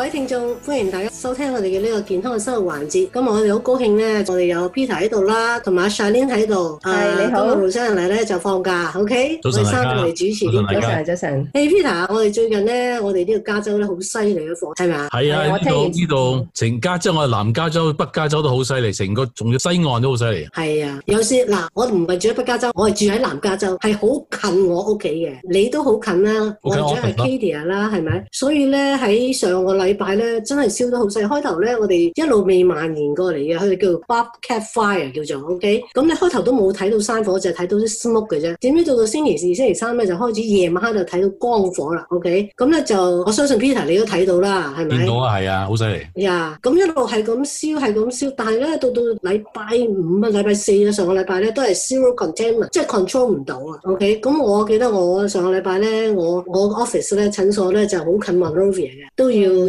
各位聽眾，歡迎大家收聽我哋嘅呢個健康嘅生活環節。咁我哋好高興咧，我哋有 Peter 喺度啦，同埋、啊、Shirley 喺度。係你好。嗰個醫生嚟，咧就放假，OK 早。早晨。我哋三個人主持，呢個成日早晨。Peter，我哋最近咧，我哋呢個加州咧好犀利嘅火，係咪啊？係啊。我聽完知道，成加州我哋南加州、北加州都好犀利，成個仲要西岸都好犀利。係啊，有時嗱，我唔係住喺北加州，我係住喺南加州，係、啊、好近我屋企嘅。你都好近啦，我長係 Katie 啦，係咪？所以咧喺上個禮。禮拜咧真係燒得好細，開頭咧我哋一路未蔓延過嚟嘅，佢哋叫做 Bobcat fire 叫做，OK，咁你開頭都冇睇到山火，就睇到啲 smoke 嘅啫。點知到到星期二、星期三咧，就開始夜晚黑就睇到光火啦，OK，咁咧就我相信 Peter 你都睇到啦，係咪？見到啊，係啊，好犀利。呀，咁一路係咁燒，係咁燒，但係咧到到禮拜五啊，禮拜四啊，上個禮拜咧都係 zero containment 即係 control 唔到啊。OK，咁我記得我上個禮拜咧，我我 office 咧診所咧就好近 Monrovia 嘅，都要。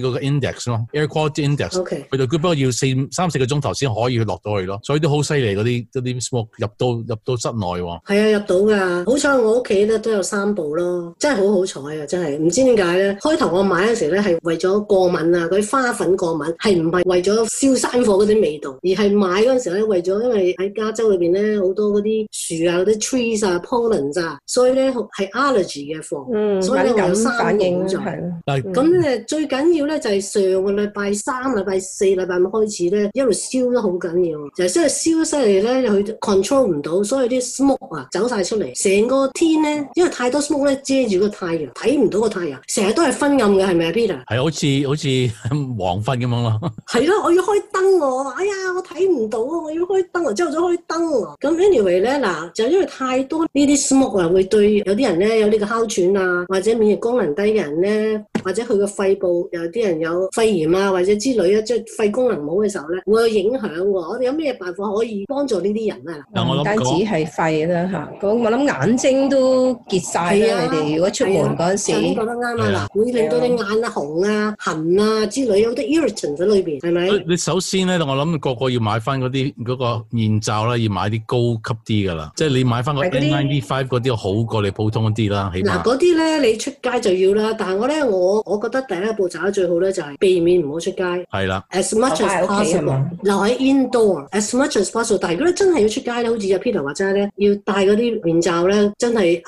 嗰個 index 咯，air quality index，佢就估不過要四三四個鐘頭先可以落到去咯，所以都好犀利，嗰啲啲 smoke 入到入到室內喎。係啊，入到㗎，好彩我屋企咧都有三部咯，真係好好彩啊！真係唔知點解咧，開頭我買嗰時咧係為咗過敏啊，嗰啲花粉過敏，係唔係為咗燒山火嗰啲味道，而係買嗰陣時咧為咗因為喺加州裏邊咧好多嗰啲樹啊嗰啲 trees 啊 pollen 咋，所以咧係 allergy 嘅貨，所以咧我有三部。係啦、嗯，咁咧最緊要。就係上個禮拜三、禮拜四、禮拜五開始咧，一路燒得好緊要，就係因為燒犀利咧，佢 control 唔到，所以啲 smoke 啊走晒出嚟，成個天咧因為太多 smoke 咧遮住個太陽，睇唔到個太陽，成日都係昏暗嘅，係咪 Peter？係好似好似黃昏咁樣咯。係 咯、啊，我要開燈喎、啊！哎呀我睇唔到、啊，我要開燈、啊，我朝頭早開燈、啊。咁 anyway 咧嗱，就因為太多呢啲 smoke 啊，會對有啲人咧有呢個哮喘啊，或者免疫功能低嘅人咧，或者佢個肺部又。啲人有肺炎啊或者之類啊，即係肺功能唔好嘅時候咧，會有影響喎。我哋有咩辦法可以幫助呢啲人咧、啊？嗱，我諗單止係肺啦嚇。講我諗眼睛都結晒啦、啊，你哋的如果出門嗰陣時你覺得啱啊嗱，的會令到你眼啊紅啊痕啊之類，有啲 irritant 喺裏邊，係咪？你首先咧，我諗個個要買翻嗰啲嗰個面罩啦，要買啲高級啲嘅啦，即係你買翻個 N95 嗰啲，好過你普通啲啦，起碼。嗱嗰啲咧，你出街就要啦。但係我咧，我我覺得第一步走最好咧就係避免唔好出街，係啦了。As much as possible，留喺 indoor。Door, as much as possible，但如果你真係要出街咧，好似阿 Peter 話齋咧，要帶嗰啲面罩咧，真係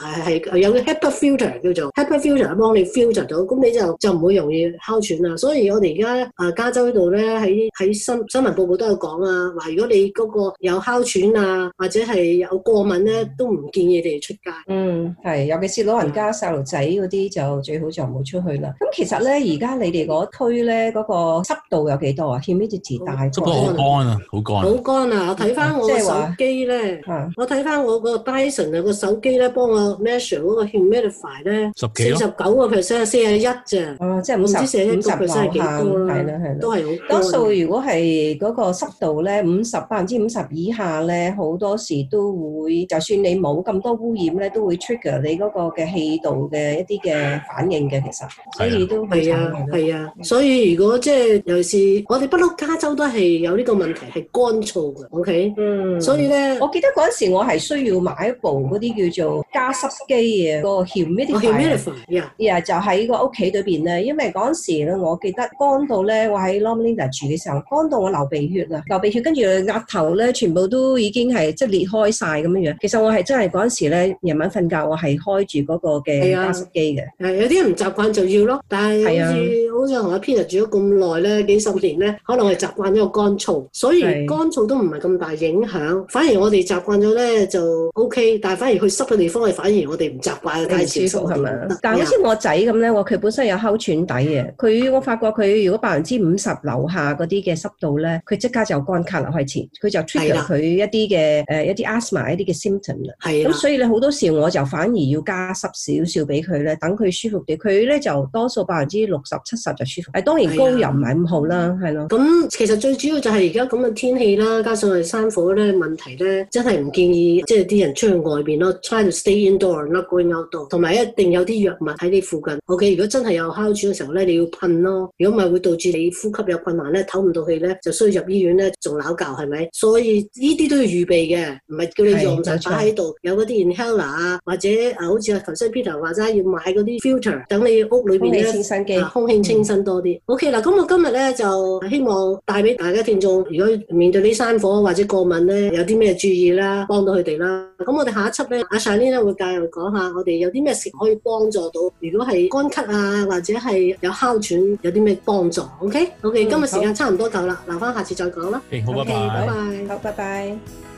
有個 HEPA filter 叫做 HEPA filter 幫你 filter 到，咁你就就唔會容易哮喘啦。所以我哋而家啊加州呢度咧喺喺新新聞報告都有講啊，話如果你嗰個有哮喘啊或者係有過敏咧、啊，嗯、都唔建議你哋出街。嗯，係，尤其是老人家、細路仔嗰啲就最好就唔好出去啦。咁其實咧而家你哋。 嗰推咧嗰個濕度有幾多啊？Humidity 大，濕度乾啊，好乾，好乾啊！我睇翻我手機咧，我睇翻我嗰個 Dyson 啊，個手機咧幫我 measure 嗰個 humidity 咧，十幾，四十九個 percent，四十一咋？哦，即係五十以下，係啦係啦，都係好。多數如果係嗰個濕度咧，五十百分之五十以下咧，好多時都會，就算你冇咁多污染咧，都會 trigger 你嗰個嘅氣道嘅一啲嘅反應嘅，其實，所以都係啊係啊。嗯、所以如果即係尤其是我哋不嬲加州都係有呢個問題，係乾燥嘅，OK？嗯，所以咧，我記得嗰陣時我係需要買一部嗰啲叫做加濕機嘅、嗰個、um oh, humidifier，、yeah. yeah, 就喺個屋企裏邊咧，因為嗰陣時咧我記得乾到咧我喺 Loma Linda 住嘅時候乾到我流鼻血啦，流鼻血跟住額頭咧全部都已經係即係裂開晒咁樣樣，其實我係真係嗰陣時咧夜晚瞓覺我係開住嗰個嘅加濕機嘅、啊，有啲人唔習慣就要咯，但係好似同阿 Peter 住咗咁耐咧，幾十年咧，可能係習慣咗個乾燥，所以乾燥都唔係咁大影響。反而我哋習慣咗咧就 OK，但係反而佢濕嘅地方係反而我哋唔習慣，太唔舒服係咪？但係好似我仔咁咧，我佢 Yeah. 本身有哮喘底嘅，佢我發覺佢如果百分之五十樓下嗰啲嘅濕度咧，佢即刻就乾咳落去前。前佢就 trigger 佢一啲嘅誒一啲 asthma 一啲嘅 symptom 啦。咁 Yeah. 所以咧好多時我就反而要加濕少少俾佢咧，等佢舒服啲。佢咧就多數百分之六十七。就舒服，當然是、啊、高又唔係咁好啦，係咯、啊。咁其實最主要就係而家咁嘅天氣啦，加上係山火咧問題咧，真係唔建議即係啲人出去外面咯。 try to stay indoor, not going out door。同埋一定有啲藥物喺你附近。O、okay, K，如果真係有哮喘嘅時候咧，你要噴咯。如果唔係會導致你呼吸有困難咧，唞唔到氣咧，就需要入醫院咧，仲鬧交，係咪？所以呢啲都要預備嘅，唔係叫你用曬擺喺度。有嗰啲 inhaler 啊，或者啊，好似啊 Professor Peter 話齋要買嗰啲 filter，等你屋裏邊咧空氣清新多啲，OK 嗱，咁我今日咧就希望帶俾大家聽眾，如果面對啲山火或者過敏咧，有啲咩注意啦，幫到佢哋啦。咁我哋下一輯咧，阿 Sally 咧會繼續講下，我哋有啲咩事可以幫助到，如果係乾咳啊或者係有哮喘，有啲咩幫助。OK，OK，OK？OK，嗯，今日時間差唔多夠啦，留翻好下次再講啦。OK，拜拜，拜拜。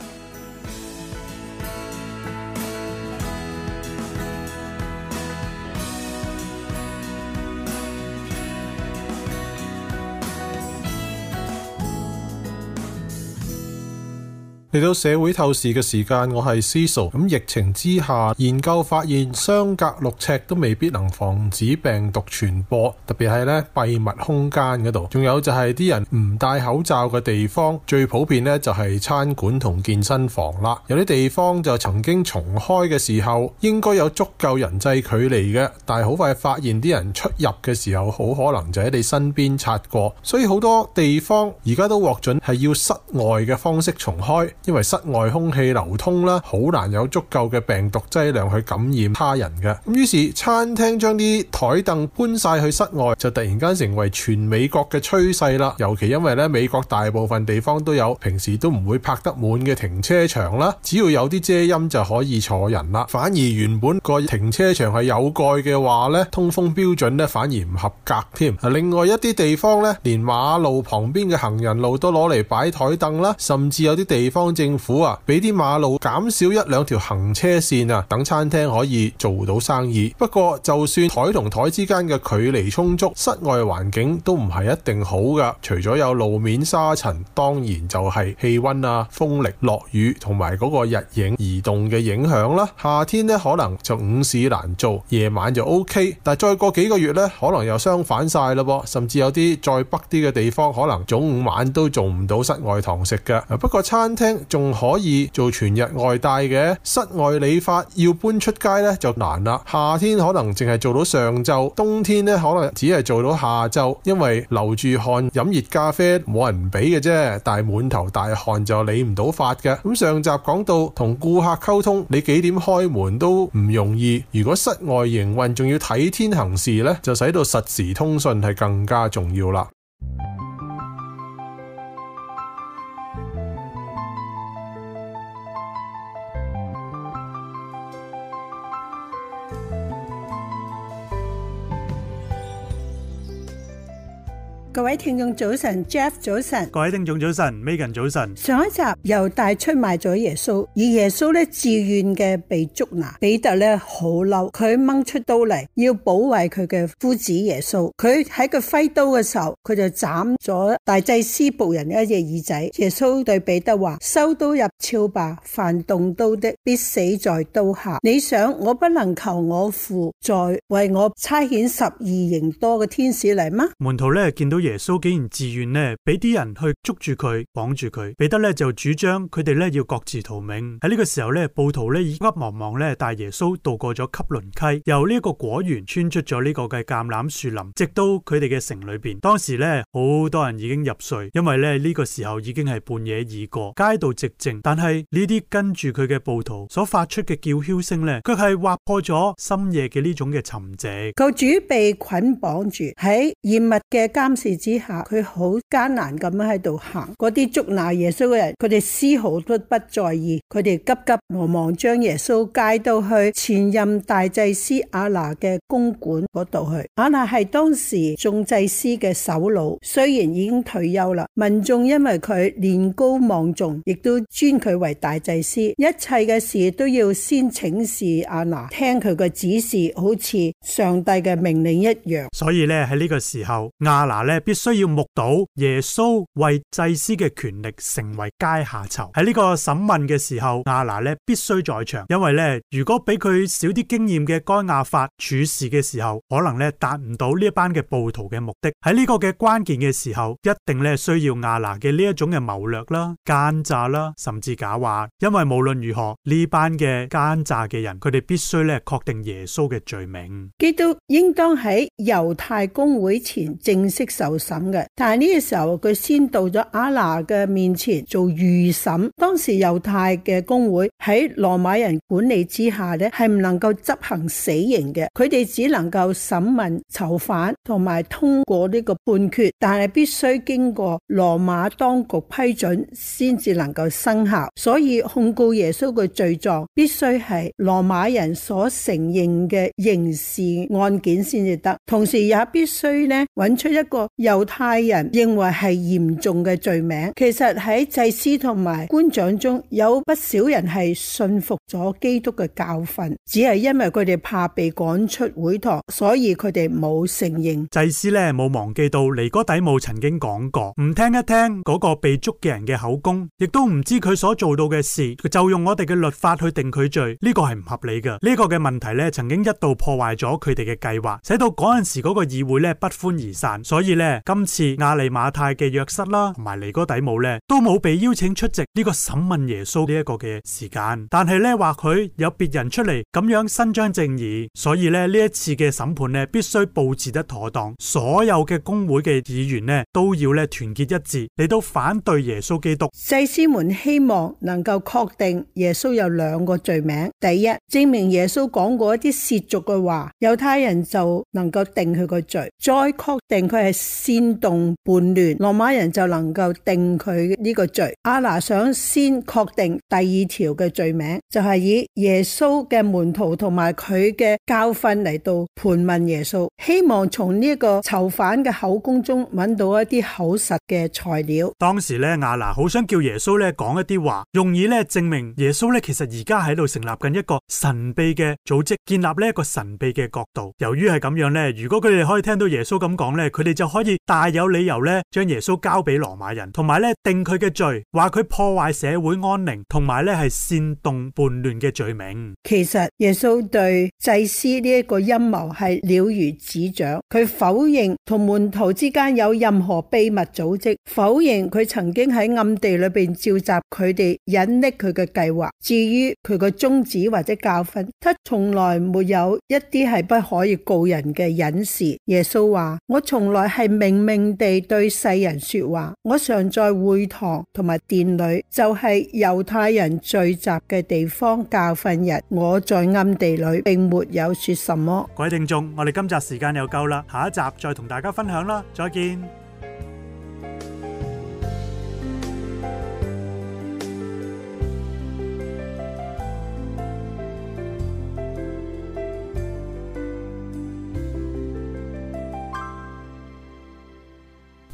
嚟到社會透視嘅時間，我係 c r e 咁。疫情之下，研究發現相隔六尺都未必能防止病毒傳播，特別係咧閉密空間嗰度。仲有就係啲人唔戴口罩嘅地方，最普遍咧就係餐館同健身房啦。有啲地方就曾經重開嘅時候，應該有足夠人際距離嘅，但係好快發現啲人出入嘅時候，好可能就喺你身邊擦過。所以好多地方而家都獲准係要室外嘅方式重開。因為室外空氣流通啦，好難有足夠嘅病毒劑量去感染他人嘅。咁於是餐廳將啲台凳搬晒去室外，就突然間成為全美國嘅趨勢啦。尤其因為咧，美國大部分地方都有平時都唔會泊得滿嘅停車場啦，只要有啲遮陰就可以坐人啦。反而原本個停車場係有蓋嘅話呢，通風標準咧反而唔合格添。另外一啲地方呢，連馬路旁邊嘅行人路都攞嚟擺台凳啦，甚至有啲地方。政府啊，俾啲馬路減少一兩條行車線啊，等餐廳可以做到生意。不過就算台同台之間嘅距離充足，室外環境都唔係一定好噶。除咗有路面沙塵，當然就係氣溫啊、風力、落雨同埋嗰個日影移動嘅影響啦。夏天呢，可能就午市難做，夜晚就 OK。但再過幾個月呢，可能又相反晒啦喎。甚至有啲再北啲嘅地方，可能早午晚都做唔到室外堂食嘅。不過餐廳。仲可以做全日外帶嘅室外理髮，要搬出街呢就難啦。夏天可能淨係做到上晝，冬天呢可能只係做到下晝，因為留住汗飲熱咖啡冇人唔俾嘅啫，但係滿頭大汗就理唔到發嘅。咁上集講到同顧客溝通，你幾點開門都唔容易。如果室外營運仲要睇天行事呢，就使到實時通訊係更加重要啦。各位聽眾早晨，Jeff 早晨，各位聽眾早晨，Megan 早晨。上一集猶大出賣咗耶穌，而耶穌咧自願嘅被捉拿，彼得咧好嬲，佢掹出刀嚟要保衛佢嘅夫子耶穌。佢喺佢揮刀嘅時候，佢就斬咗大祭司僕人嘅一隻耳仔。耶穌對彼得話：收刀入鞘吧，凡動刀的必死在刀下。你想我不能求我父再為我差遣十二營多嘅天使嚟嗎？門徒咧見到。耶穌竟然自願咧，俾啲人去捉住佢，綁住佢。彼得咧就主張佢哋咧要各自逃命。喺呢個時候咧，暴徒咧已急忙忙咧帶耶穌渡過咗汲淪溪，由呢一個果園穿出咗呢個嘅橄欖樹林，直到佢哋嘅城裏邊。當時咧好多人已經入睡，因為咧呢個時候已經係半夜已過，街道寂靜。但係呢啲跟住佢嘅暴徒所發出嘅叫囂聲呢，卻係劃破咗深夜嘅呢種嘅沉寂。個主被捆綁住，喺嚴密嘅監視之下佢好艱難咁樣喺度行。嗰啲捉拿耶穌嘅人，佢哋絲毫都不在意，佢哋急急忙忙將耶穌解到去前任大祭司亞拿嘅公館嗰度去。亞拿係當時眾祭司嘅首腦，雖然已經退休啦，民眾因為佢年高望重，亦都尊佢為大祭司，一切嘅事都要先請示亞拿，聽佢嘅指示，好似上帝嘅命令一樣。所以咧喺呢個時候，亞拿咧，必須要目睹耶穌為祭司嘅權力成為階下囚。喺呢個審問嘅時候，亞拿咧必須在場，因為咧如果俾佢少啲經驗嘅該亞法處事嘅時候，可能咧達唔到呢一班嘅暴徒嘅目的。喺呢個嘅關鍵嘅時候，一定咧需要亞拿嘅呢一種嘅謀略啦、奸詐啦，甚至假話。因為無論如何，呢班嘅奸詐嘅人，佢哋必須咧確定耶穌嘅罪名。基督應當喺猶太公會前正式受審。審嘅，但係呢個時候佢先到咗阿娜嘅面前做預審。當時猶太嘅公會喺羅馬人管理之下呢係唔能夠執行死刑嘅，佢哋只能夠審問囚犯同埋通過呢個判決，但係必須經過羅馬當局批准先至能夠生效。所以控告耶穌嘅罪狀必須係羅馬人所承認嘅刑事案件先至得，同時也必須咧揾出一個。猶太人認為係嚴重嘅罪名，其實喺祭司同埋官長中有不少人係信服咗基督嘅教訓，只係因為佢哋怕被趕出會堂，所以佢哋冇承認。祭司呢冇忘記到尼哥底母曾經講過，唔聽一聽嗰個被捉嘅人嘅口供，亦都唔知佢所做到嘅事，就用我哋嘅律法去定佢罪，呢個係唔合理嘅。呢個嘅問題呢，曾經一度破壞咗佢哋嘅計劃，使到嗰陣時嗰個議會呢不歡而散，所以呢。今次亞利馬太嘅約瑟啦，同埋尼哥底母咧，都冇被邀請出席呢個審問耶穌呢一個嘅時間。但係咧，或許有別人出嚟咁樣伸張正義，所以咧，呢一次嘅審判咧必須布置得妥當，所有嘅公會嘅議員呢，都要咧團結一致，嚟到反對耶穌基督。祭司們希望能夠確定耶穌有兩個罪名，第一證明耶穌講過一啲褻瀆嘅話，猶太人就能夠定佢個罪；再確定佢係。煽動叛亂，羅馬人就能夠定佢呢個罪。阿拿想先確定第二條嘅罪名，就係、是，以耶穌嘅門徒同埋佢嘅教訓嚟到盤問耶穌，希望從呢一個囚犯嘅口供中揾到一啲口實嘅材料。當時咧，阿拿好想叫耶穌咧講一啲話，用以咧證明耶穌咧其實而家喺度成立緊一個神秘嘅組織，建立呢一個神秘嘅角度。由於係咁樣咧，如果佢哋可以聽到耶穌咁講咧，佢哋就可以。大有理由咧，將耶穌交俾羅馬人，同埋咧定佢嘅罪，話佢破壞社會安寧，同埋咧係煽動叛亂嘅罪名。其實耶穌對祭司呢一個陰謀係了如指掌，佢否認同門徒之間有任何秘密組織，否認佢曾經喺暗地裏邊召集佢哋隱匿佢嘅計劃。至於佢個宗旨或者教訓，他從來沒有一啲係不可以告人嘅隱事。耶穌話：我從來係。明明地對世人說話，我常在會堂同埋殿裏，就係猶太人聚集嘅地方教訓人。我在暗地裏並沒有說什麼。各位聽眾，我哋今集時間又夠啦，下一集再同大家分享啦，再見。